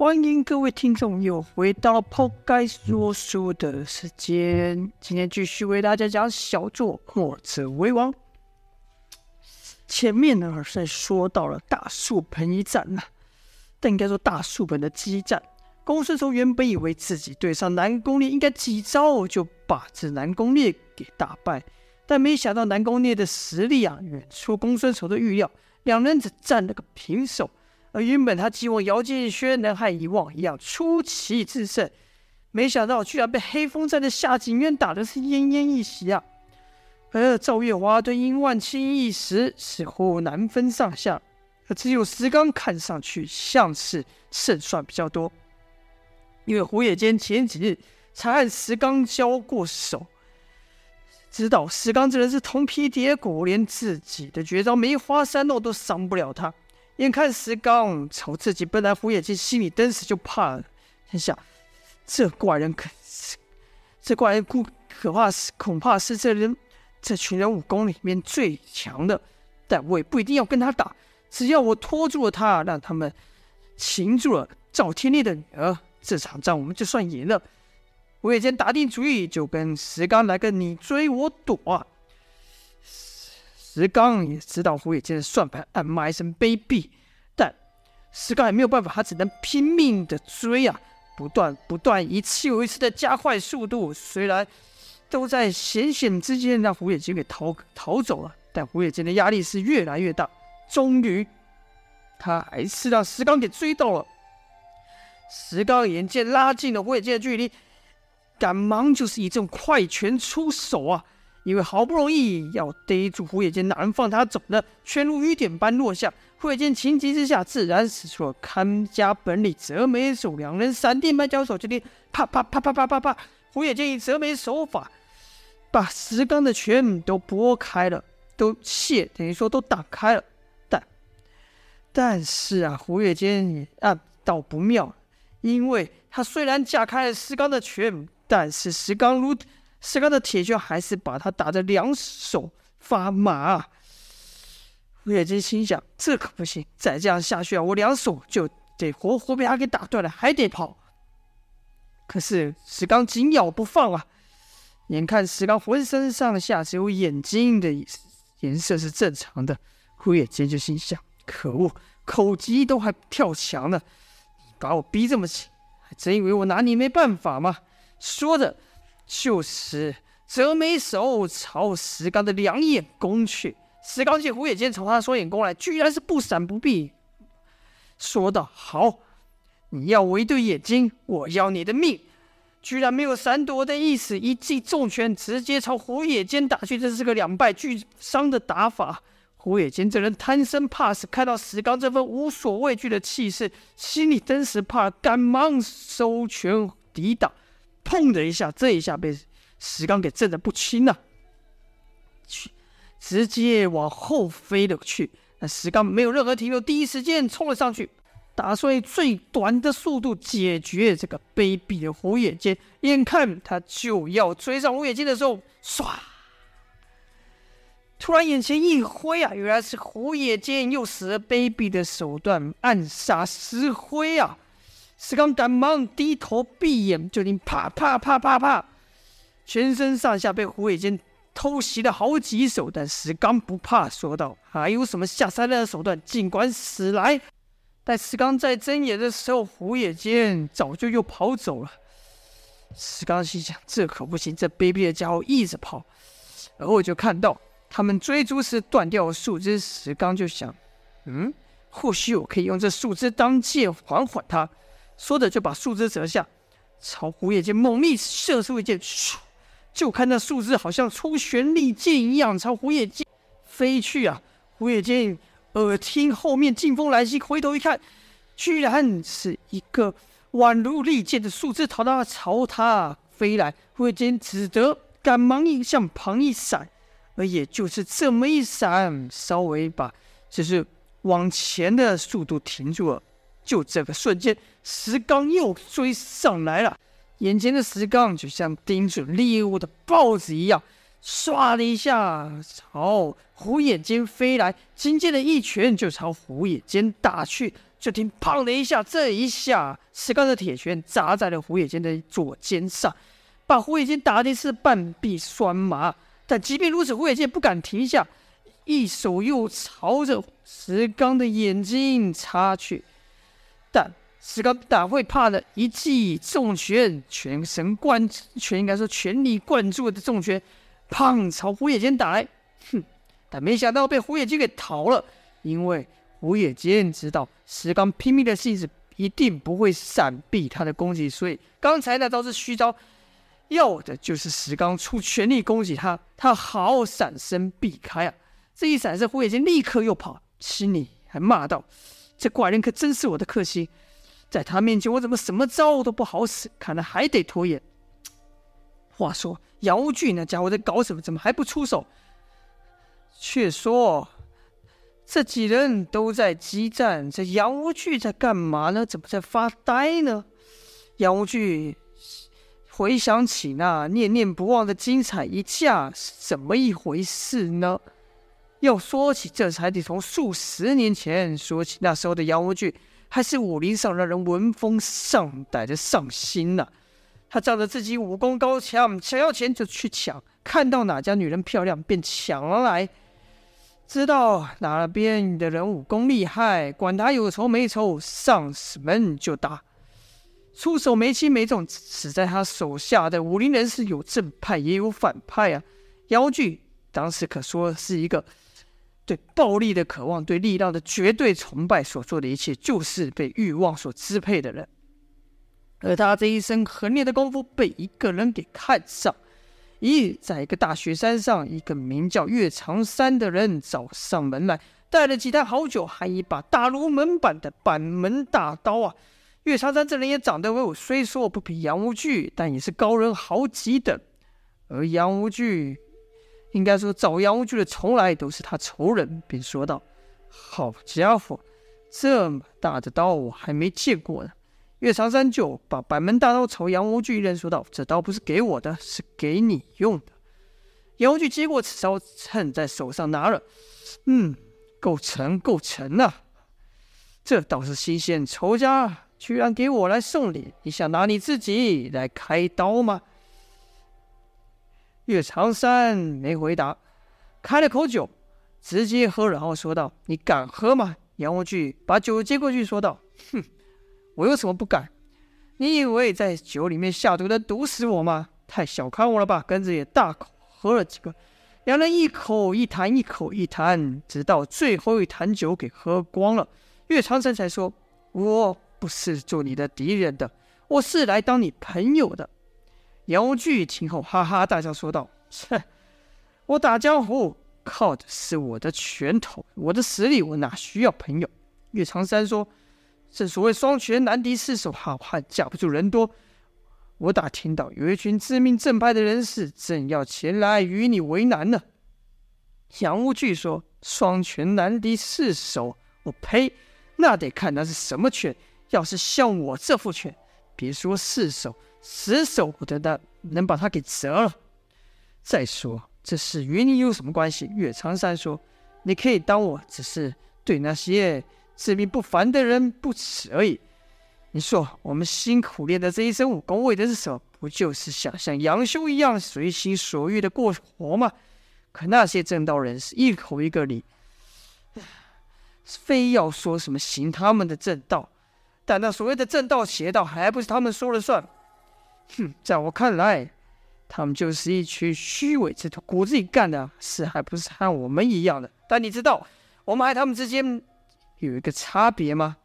歡迎各位聽眾又回到拋開說書的時間，今天繼續為大家講小作墨者為王。前面呢，好像說到了大樹盆一戰吶、啊，但應該說大樹盆的激戰，公孫仇原本以為自己對上南宮烈，應該幾招就把這南宮烈給打敗，但沒想到南宮烈的實力啊，遠出公孫仇的預料，兩人只戰了個平手。而原本他寄望姚建軒能和以往一樣出奇制勝，沒想到居然被黑風寨的夏景淵打得是奄奄一息啊！而趙月華對殷萬清一時似乎難分上下，而只有石剛看上去像是勝算比較多，因為胡野間前幾日才和石剛交過手，知道石剛這人是銅皮鐵骨，連自己的絕招梅花三弄都都傷不了他。眼看石剛朝自己奔來，胡眼睛心裡登時就怕了，心想：這怪人可是這怪人可怕是恐怕是這人這群人武功裡面最強的。但我也不一定要跟他打，只要我拖住了他，讓他們擒住了趙天烈的女兒，這場仗我們就算贏了。胡眼睛打定主意，就跟石剛來個你追我躲啊。石剛也知道胡野劍的算盤，暗罵一聲卑鄙，但石剛也沒有辦法，他只能拼命的追啊，不斷不斷，一次又一次的加快速度。雖然都在險險之間讓胡野劍給逃逃走了，但胡野劍的壓力是越來越大。終於，他還是讓石剛給追到了。石剛眼見拉近了胡野劍的距離，趕忙就是一陣快拳出手啊！因為好不容易要逮住胡野劍，哪能放他走呢？拳如雨點般落下，胡野劍情急之下，自然使出了看家本領折眉手。兩人閃電般交手，就聽啪啪啪啪啪啪啪，胡野劍以折眉手法把石剛的拳都撥開了，都卸，等於說都擋開了。但但是啊，胡野劍也暗道不妙，因為他雖然架開了石剛的拳，但是石剛如石剛的鐵拳還是把他打得兩手發麻啊。我也真心想，這可不行，再這樣下去啊，我兩手就得活活被他給打斷了，還得跑。可是石剛緊咬不放啊！眼看石剛渾身上下只有眼睛的顏色是正常的，我也真就心想：可惡，口急都還跳牆呢，你把我逼這麼緊，還真以為我拿你沒辦法嗎？說着。就是折眉手朝石剛的兩眼攻去，石剛見胡野間朝他的雙眼攻來，居然是不閃不避，說道：“好，你要我一對眼睛，我要你的命。”居然沒有閃躲的意思，一記重拳直接朝胡野間打去，這是個兩敗俱傷的打法。胡野間這人貪生怕死，看到石剛這份無所畏懼的氣勢，心裡真是怕，趕忙收拳抵擋。砰的一下，這一下被石剛給震得不輕啊去，直接往後飛了去。那石剛沒有任何停留，第一時間衝了上去，打算以最短的速度解決這個卑鄙的火野劍。眼看他就要追上火野劍的時候，唰！突然眼前一灰啊，原來是火眼劍又使了卑鄙的手段暗殺石灰啊！石剛趕忙低頭閉眼，就聽啪啪啪啪啪，全身上下被胡野間偷襲了好幾手。但石剛不怕，說道：“還有什麼下三濫的手段，儘管使來。”但石剛在睜眼的時候，胡野間早就又跑走了。石剛心想：“這可不行，這卑鄙的家伙一直跑。”而我就看到他們追逐時斷掉樹枝，石剛就想：“嗯，或許我可以用這樹枝當劍，緩緩他。”說着就把樹枝折下，朝胡也劍猛力射出一箭，咻，就看那樹枝好像出弦利箭一樣朝胡也劍飛去啊！胡也劍耳聽後面勁風來襲，回頭一看，居然是一個宛如利箭的樹枝朝他朝他飛來，胡也劍只得趕忙一向旁一閃，而也就是這麼一閃，稍微把就是往前的速度停住了。就這個瞬間，石剛又追上來了。眼前的石剛就像盯着獵物的豹子一樣，唰的一下朝虎眼睛飛來，緊接着一拳就朝虎眼睛打去。就聽砰的一,一下，這一下石剛的鐵拳砸在了虎眼睛的左肩上，把虎眼睛打的是半臂痠麻。但即便如此，虎眼睛也不敢停下，一手又朝着石剛的眼睛插去。但石剛打會怕的一記重拳，全神貫全應該說全力貫注的重拳，砰朝胡野間打來。哼！但沒想到被胡野間給逃了，因為胡野間知道石剛拼命的性子，一定不會閃避他的攻擊，所以剛才那招是虛招，要的就是石剛出全力攻擊他，他好閃身避開啊！這一閃身，胡野間立刻又跑，心裡還罵道。這怪人可真是我的克星，在他面前我怎麼什麼招都不好使？看來還得拖延。話說，楊無懼那家伙在搞什麼？怎麼還不出手？卻說，這幾人都在激戰，這楊無懼在幹嘛呢？怎麼在發呆呢？楊無懼回想起那念念不忘的精彩一架，是怎麼一回事呢？要說起這，還得從數十年前說起。那時候的楊無懼還是武林上讓人聞風喪膽的煞星呢、啊。他仗着自己武功高強，想要錢就去搶，看到哪家女人漂亮便搶了來，知道哪邊的人武功厲害，管他有仇沒仇，上死門就打。出手沒輕沒重，死在他手下的武林人士有正派也有反派啊。楊無懼當時可說是一個。對暴力的渴望，對力量的絕對崇拜，所做的一切就是被欲望所支配的人。而他這一身橫練的功夫被一個人給看上。咦，在一個大雪山上，一個名叫岳長山的人找上門來，帶了幾罈好酒，還一把大如門板的板門大刀啊。岳長山這人也長得威武，雖說不比楊無懼，但也是高人好幾等。而楊無懼。應該說，找楊無懼的從來都是他仇人，便說道：“好家伙，這麼大的刀我還沒見過呢。”岳長山就把百門大刀朝楊無懼一扔，說道：“這刀不是給我的，是給你用的。”楊無懼接過此刀，趁在手上拿了，嗯，夠沉，夠沉啊！這倒是新鮮，仇家居然給我來送禮，你想拿你自己來開刀嗎？岳長山沒回答，開了口酒，直接喝，然後說道：“你敢喝嗎？”楊無懼把酒接過去，說道：“哼，我有什麼不敢？你以為在酒裡面下毒能毒死我嗎？太小看我了吧！”跟着也大口喝了幾個。兩人一口一罈，一口一罈，直到最後一罈酒給喝光了。岳長山才說：“我不是做你的敵人的，我是來當你朋友的。”楊無懼聽後哈哈大笑，說道：“哼，我打江湖靠的是我的拳頭，我的實力，我哪需要朋友？”岳長山說：“正所謂雙拳難敵四手，好漢架不住人多。我打聽到有一群知名正派的人士正要前來與你為難呢。”楊無懼說：“雙拳難敵四手，我呸！那得看他是什麼拳，要是像我這副拳……”別說四手，十手不得的，能把它給折了。再說，這事與你有什麼關係？岳長山說：“你可以當我只是對那些自命不凡的人不齒而已。”你說我們辛苦練的這一身武功為的是什麼？不就是想像楊修一樣隨心所欲的過活嗎？可那些正道人士一口一個理，非要說什麼行他們的正道。但那所謂的正道邪道，還不是他們說了算了？哼，在我看來，他們就是一群虛偽之徒，骨子裡幹的事還不是和我們一樣的。但你知道我們愛他們之間有一個差別嗎？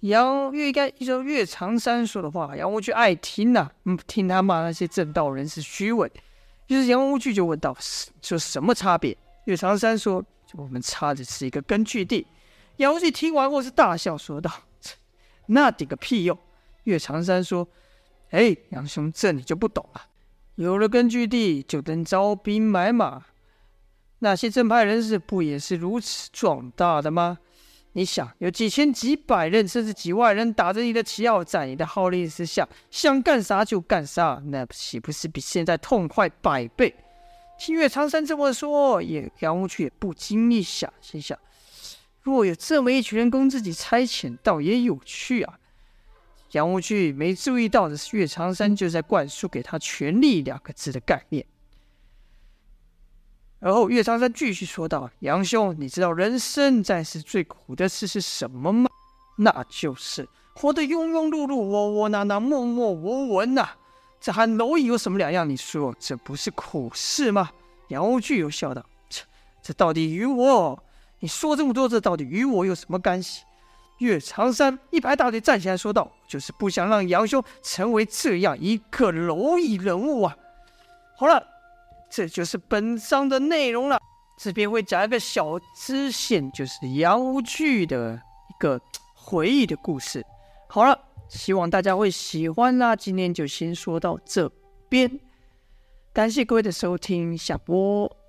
楊玉干，也就是岳長山說的話，楊無懼愛聽吶、啊嗯，聽他罵那些正道人士、就是虛偽。於是楊無懼就問道：“是什麼差別？”岳長山說：“我們差的是一個根據地。”楊無懼聽完後是大笑說道。那頂個屁用，哦！岳長山說：“哎，楊兄，這你就不懂了啊。有了根據地，就能招兵買馬。那些正派人士不也是如此壯大的嗎？你想，有幾千、幾百人，甚至幾萬人，打着你的旗號，在你的號令之下，想幹啥就幹啥，那豈不是比現在痛快百倍？”聽岳長山這麼說，也楊無懼也不經意想心想。若有這麼一群人供自己差遣，倒也有趣啊！楊無懼沒注意到的是，岳長山就在灌輸給他“權力”兩個字的概念。而後，岳長山繼續說道：“楊兄，你知道人生在世最苦的事是什麼嗎？那就是活得庸庸碌碌、窩窩囊囊、默默無聞吶！這和螻蟻有什麼兩樣？你說這不是苦事嗎？”楊無懼又笑道：“切，這到底與我……”你說這麼多，這到底與我有什麼干係？岳長山一拍大腿站起來說道：“就是不想讓楊兄成為這樣一個螻蟻人物啊！”好了，這就是本章的內容了。這邊會講一個小支線，就是楊無懼的一個回憶的故事。好了，希望大家會喜歡啦。今天就先說到這邊，感謝各位的收聽，下播。